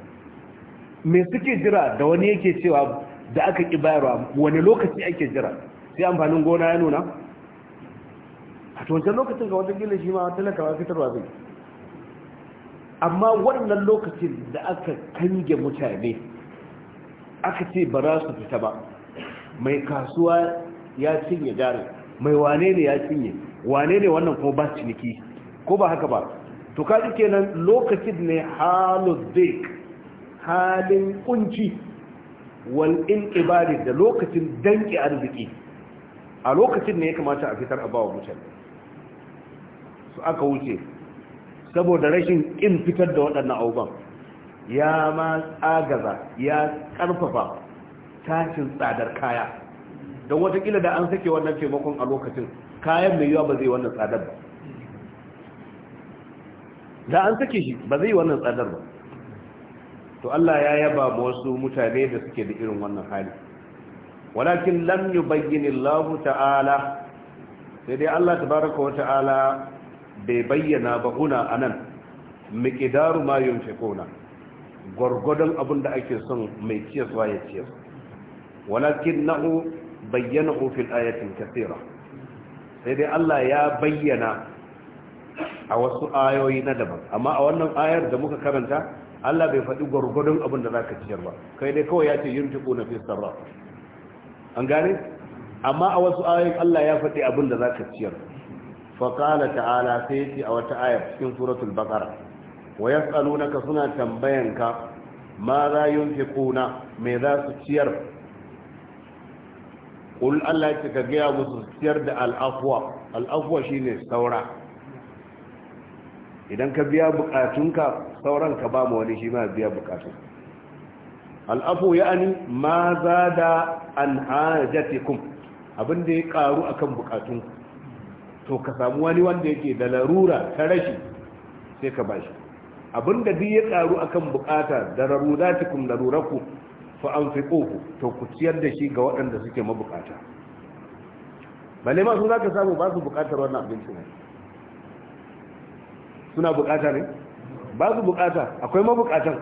me suke jira da wani yake cewa da aka ki bayarwa wani lokaci ake jira sai amfanin gona ya nuna a tuwancan lokacin ga wata gina shi ma talakawa fitarwa zai amma wannan lokacin da aka kange mutane aka ce ba za su fita ba mai kasuwa ya cinye jari, mai wane ne ya cinye wane ne wannan ko ba ciniki ko ba haka ba to kaji kenan lokacin ne haluzdik halin kunci wal inqibali da lokacin danki arziki a lokacin ne ya kamata a fitar a wa mutane su aka wuce saboda rashin in fitar da waɗannan auban ya ma tsagaza ya ƙarfafa tashin tsadar kaya don watakila da an sake wannan taimakon a lokacin kayan mai yawa ba zai wannan tsadar ba da an sake shi ba zai wannan tsadar ba to Allah ya yaba ba wasu mutane da suke da irin wannan hali walakin lam yubayyin Allah ta'ala sai dai Allah tabaraka wa ta'ala bai bayyana ba a anan miqdaru ma yunfiquna gwargwadon abin da ake son mai ciyaswa ya ciyas walakin na'u bayyana fil ayatin kathira sai dai Allah ya bayyana a wasu ayoyi na daban amma a wannan ayar da muka karanta Allah bai faɗi gwargwadon abin da zaka ciyar ba kai dai kawai ya ce yunfiquna fi sarra an gane amma a wasu ayoyin Allah ya faɗi abin da zaka ciyar faƙala ta'ala sai ce a wata ayar cikin suratul baƙara wa suna tambayanka ma za yun fi mai za su ciyar ƙul allah ka gaya musu ciyar da al'afuwa al'afuwa shi ne saura idan ka biya buƙatunka sauran ka ba wani shi ma biya al'afu da an hajjatikum abinda ya ƙaru akan buƙatunku to ka samu wani wanda yake da larura ta rashi sai ka bashi abinda duk ya karu akan bukata da rarudatikum laruraku fa anfiquhu to ku ciyar da shi ga waɗanda suke mabukata balle ma su zaka samu ba su bukatar wannan abinci ne suna bukata ne ba su bukata akwai mabukatan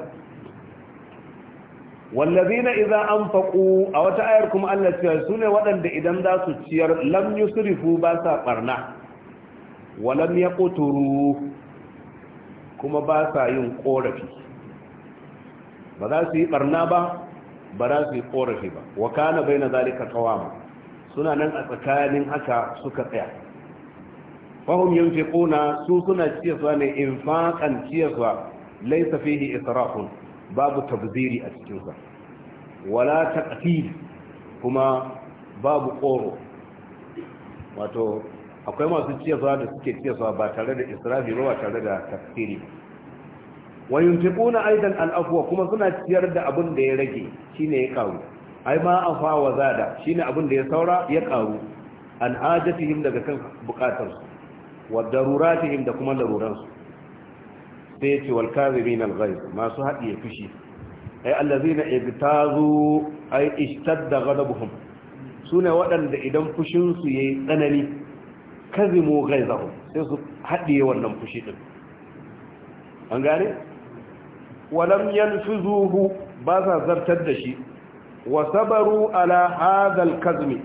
wallazina idza anfaqu a wata ayar kuma Allah ya su waɗanda idan za su ciyar lam yusrifu ba sa barna wa lam yaqturu kuma ba sa yin korafi ba za su yi barna ba ba za su yi korafi ba wa kana baina zalika qawama suna nan a tsakanin haka suka tsaya fahum yunfiquna su suna ciyarwa ne infaqan ciyarwa laysa fihi israfun babu tabziri a cikinsa wala taqtil kuma babu ƙoro wato akwai masu ciyarwa da suke ciyarwa ba tare da israfi ba tare da tafsiri wa yunfiquna aidan al-afwa kuma suna ciyar da abin da ya rage shine ya karu ai ma afa wa zada shine abin da ya saura ya karu an hajatihim daga kan bukatar su wa daruratihim da kuma laruransu sai ya ce masu hadiye fushi ay allazina ibtazu ay ishtadda ghadabuhum sune waɗanda idan fushin su yayi tsanani gai ghaizahum sai su hadiye wannan fushi din an gane walam ba sa zartar da shi wa sabaru ala hadha kazmi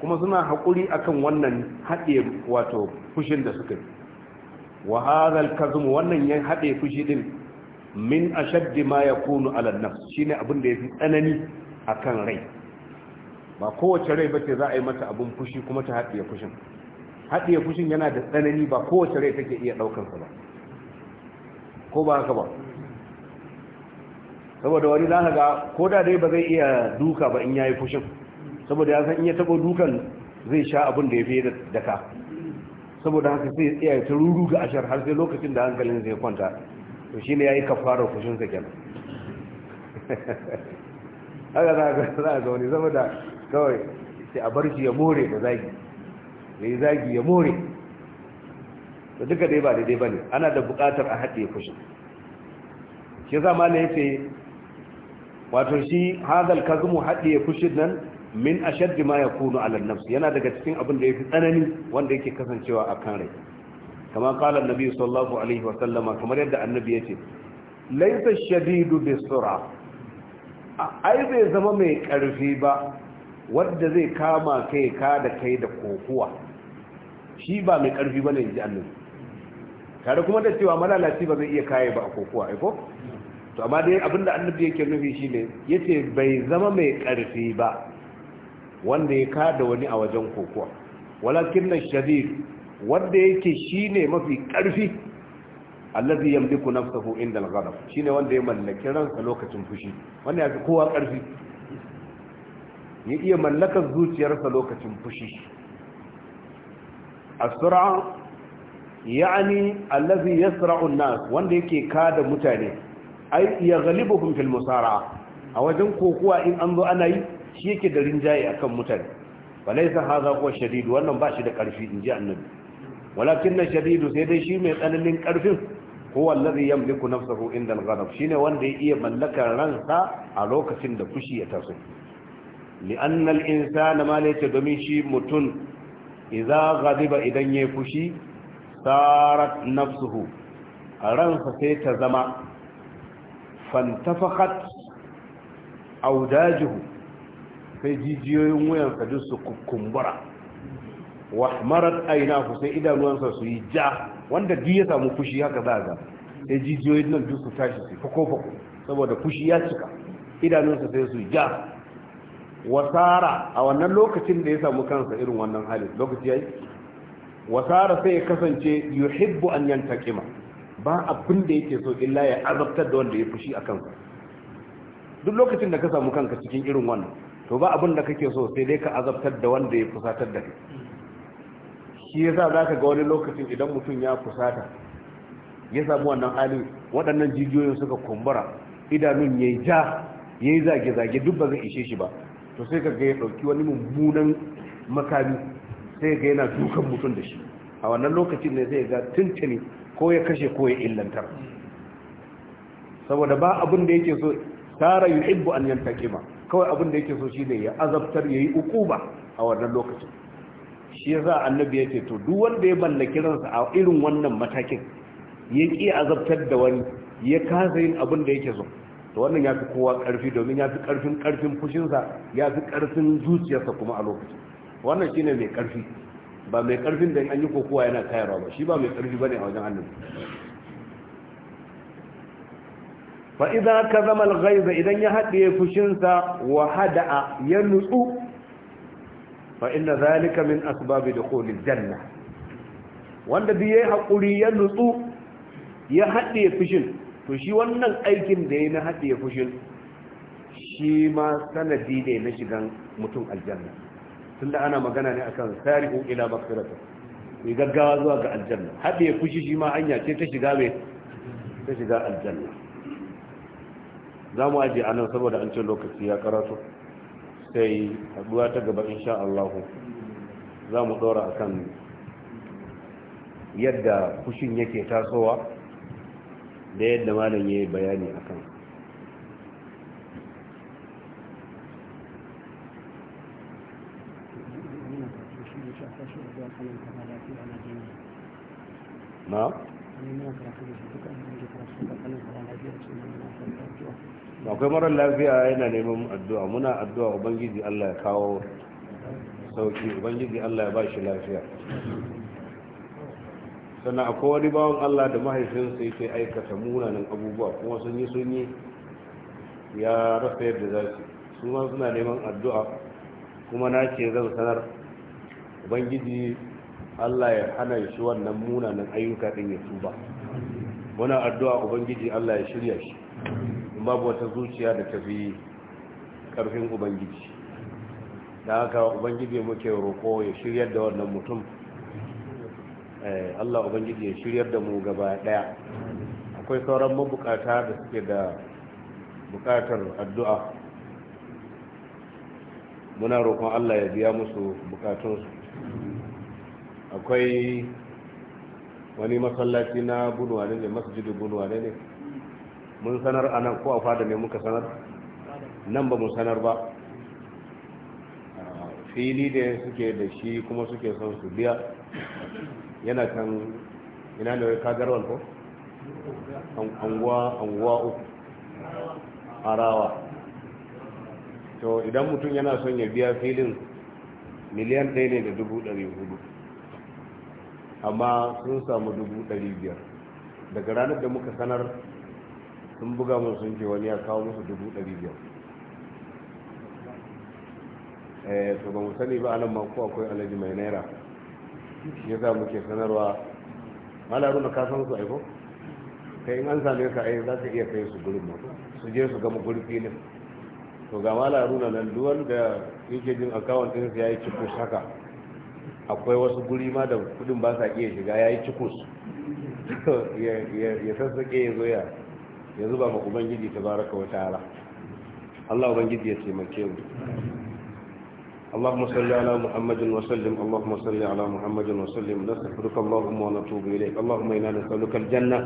kuma suna haƙuri akan wannan haɗe wato fushin da suka yi wa hadha al wannan yan hade fushi din min ashaddi ma yakunu ala nafs shine abin da yafi tsanani akan rai ba kowace rai bace za a yi mata abin fushi kuma ta hadiye fushin hadiye fushin yana da tsanani ba kowace rai take iya daukar sa ba ko ba haka ba saboda wani za ga ko da dai ba zai iya duka ba in yayi fushin saboda ya san in ya tabo dukan zai sha abin da yafi da ka saboda haka sai ya tsaya ta ruru ga ashar har sai lokacin da hankalin zai kwanta to shi ne ya yi kafarar fushinsa kenan *laughs* haka za a ga wani zama da kawai sai a bar shi ya more da zagi da yi zagi ya more da duka dai ba daidai ba ne ana da buƙatar a haɗe fushin shi zama ne ya ce wato shi hazal kazumu haɗe fushin nan min ashaddi ma yakunu ala nafsi yana daga cikin abin da yake tsanani wanda yake kasancewa a kan rai kama kala annabi sallallahu alaihi wa sallama kamar yadda annabi yace laysa shadidu bisura ai bai zama mai karfi ba wanda zai kama kai ka da kai da kokuwa shi ba mai karfi bane inji annabi tare kuma da cewa malalaci ba zai iya kaye ba a kokuwa ai ko to amma dai abinda annabi yake nufi shine yace bai zama mai karfi ba wanda ya kada wani a wajen kokowa walakin na shadir wanda yake shine mafi karfi allazi yamliku nafsahu inda al-ghadab shine wanda ya mallaki ransa lokacin fushi wanda yafi kowa ƙarfi ya iya mallaka zuciyarsa lokacin fushi as-sur'a yani allazi yasra'u an-nas wanda yake kada mutane ai ya ghalibuhum fil musara'a a wajen kokuwa in an zo ana yi shi yake da rinjaye akan mutane walaysa hadha huwa shadid wannan ba shi da karfi inji annabi walakin shadidu sai dai shi mai tsananin karfin huwa alladhi yamliku nafsahu inda al-ghadab shine wanda ya iya mallakar ransa a lokacin da fushi ya taso li'anna al-insana ma laysa domin shi mutun idza ghadiba idan ya fushi sarat nafsuhu ransa sai ta zama fantafakat audajuhu sai jijiyoyin wuyansa duk su kumbura aina ku sai idanuwansa su yi ja wanda duk ya samu fushi haka za ga sai jijiyoyin nan duk su tashi su fako fako saboda fushi ya cika idanunsa sai su ja wasara a wannan lokacin da ya samu kansa irin wannan halin lokaci yayi wasara sai ya kasance yuhibbu an yantaqima ba abin da yake so illa ya azabtar da wanda ya fushi a kansa duk lokacin da ka samu kanka cikin irin wannan to ba abin da kake so sai dai ka azabtar da wanda ya fusatar da kai shi yasa zaka ga wani lokacin idan mutum ya fusata ya samu wannan hali waɗannan jijiyoyin suka kumbura idanun ya yi ja yi zage zage duk ba zai ishe shi ba to sai ka ga ya ɗauki wani mummunan makami sai ga yana dukan mutum da shi a wannan lokacin ne zai ga tuntuni ko ya kashe ko ya illantar saboda ba abin da yake so sara yuhibbu an kima kawai abin da yake so shi ne ya azabtar ya yi ukuba a wannan lokacin shi ya za annabi ya ce to duk wanda ya mallaki ransa a irin wannan matakin ya ƙi azabtar da wani ya kasa yin abin da yake so to wannan ya fi kowa ƙarfi domin ya fi ƙarfin ƙarfin fushinsa ya fi ƙarfin zuciyarsa kuma a lokacin wannan shine mai ƙarfi ba mai ƙarfin da an yi kokowa yana kayarwa ba shi ba mai ƙarfi ba ne a wajen annabi fa idza kazama al idan ya hadiye fushinsa wa hada'a ya nutsu fa inna zalika min asbab dukhul al-janna wanda biye hakuri ya nutsu ya hadiye fushin to shi wannan aikin da yayi na hadiye fushin shi ma sanadi ne na shigan mutum aljanna tunda ana magana ne akan sari'u ila maghfirati yi gaggawa zuwa ga aljanna hadiye fushi shi ma hanya ce ta shiga mai ta shiga aljanna za mu ajiye anan saboda an ce lokaci ya karatu sai haduwa ta gaba insha Allah za mu ɗora kan yadda fushin yake tasowa da yadda malam ya yi bayani a kan. na akwai marar lafiya yana neman addu'a muna addu'a ubangiji allah ya kawo sauki ubangiji allah ya ba shi lafiya sannan akwai wani bawan allah da mahaifinsa yake aikata munanan abubuwa kuma sun yi sun yi ya rasa yadda za su su suna neman addu'a kuma na ce zan sanar ubangiji Allah ya hana shi wannan munanan ayyuka din ya tuba muna addu'a ubangiji Allah ya shirya shi babu wata zuciya da ta bi karfin ubangiji da haka ubangiji muke roko ya shiryar da wannan mutum eh, Allah ubangiji ya shiryar da mu gaba daya akwai sauran mabukata da suke da bukatar addu'a muna roƙon Allah ya biya musu bukatunsu akwai wani masallaci na bunuwane ne masjidu bunuwane ne mun sanar a nan ko a fada ne muka sanar nan ba mun sanar ba ah, fili da suke da shi kuma suke son su biya yana kan ina da wai kagarwal ko anguwa uku arawa to idan mutum yana son ya biya filin miliyan ɗaya ne da dubu ɗari hudu amma sun samu dubu ɗari biyar daga ranar da muka sanar sun buga mun sun ce wani ya kawo musu dubu ɗari biyar eh to ba mu sani ba anan ma ko akwai alaji mai naira shi ya za muke sanarwa runa ka san su aiko kai in an same ka ai za ka iya kai su gurin mu su je su gama gurfi ne to ga mala runa nan duwan da yake jin akawun ɗinsu ya yi cikin haka akwai wasu guri ma da kudin ba sa iya shiga ya yi cikus ya sassaƙe ya zo ya zuba ma ubangiji ta bara kawai tara Allah ubangiji ya taimake mu Allahumma salli ala Muhammadin wa sallim Allahumma salli ala Muhammadin wa sallim nasta'inuka Allahumma wa natubu ilayk Allahumma inna nas'aluka al-janna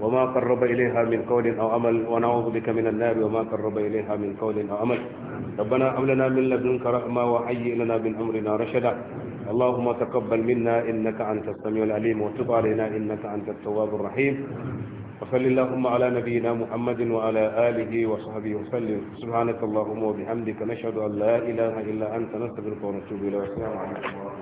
wa ma qarraba ilayha min qawlin a amal wa na'udhu bika min an-nar wa ma qarraba ilayha min qawlin a amal ربنا املنا من لدنك رحمه وهيئ لنا من امرنا rashada. اللهم تقبل منا إنك أنت السميع العليم وتب علينا إنك أنت التواب الرحيم وصل اللهم على نبينا محمد وعلى آله وصحبه وسلم سبحانك اللهم وبحمدك نشهد أن لا إله إلا أنت نستغفرك ونتوب إليك السلام عليكم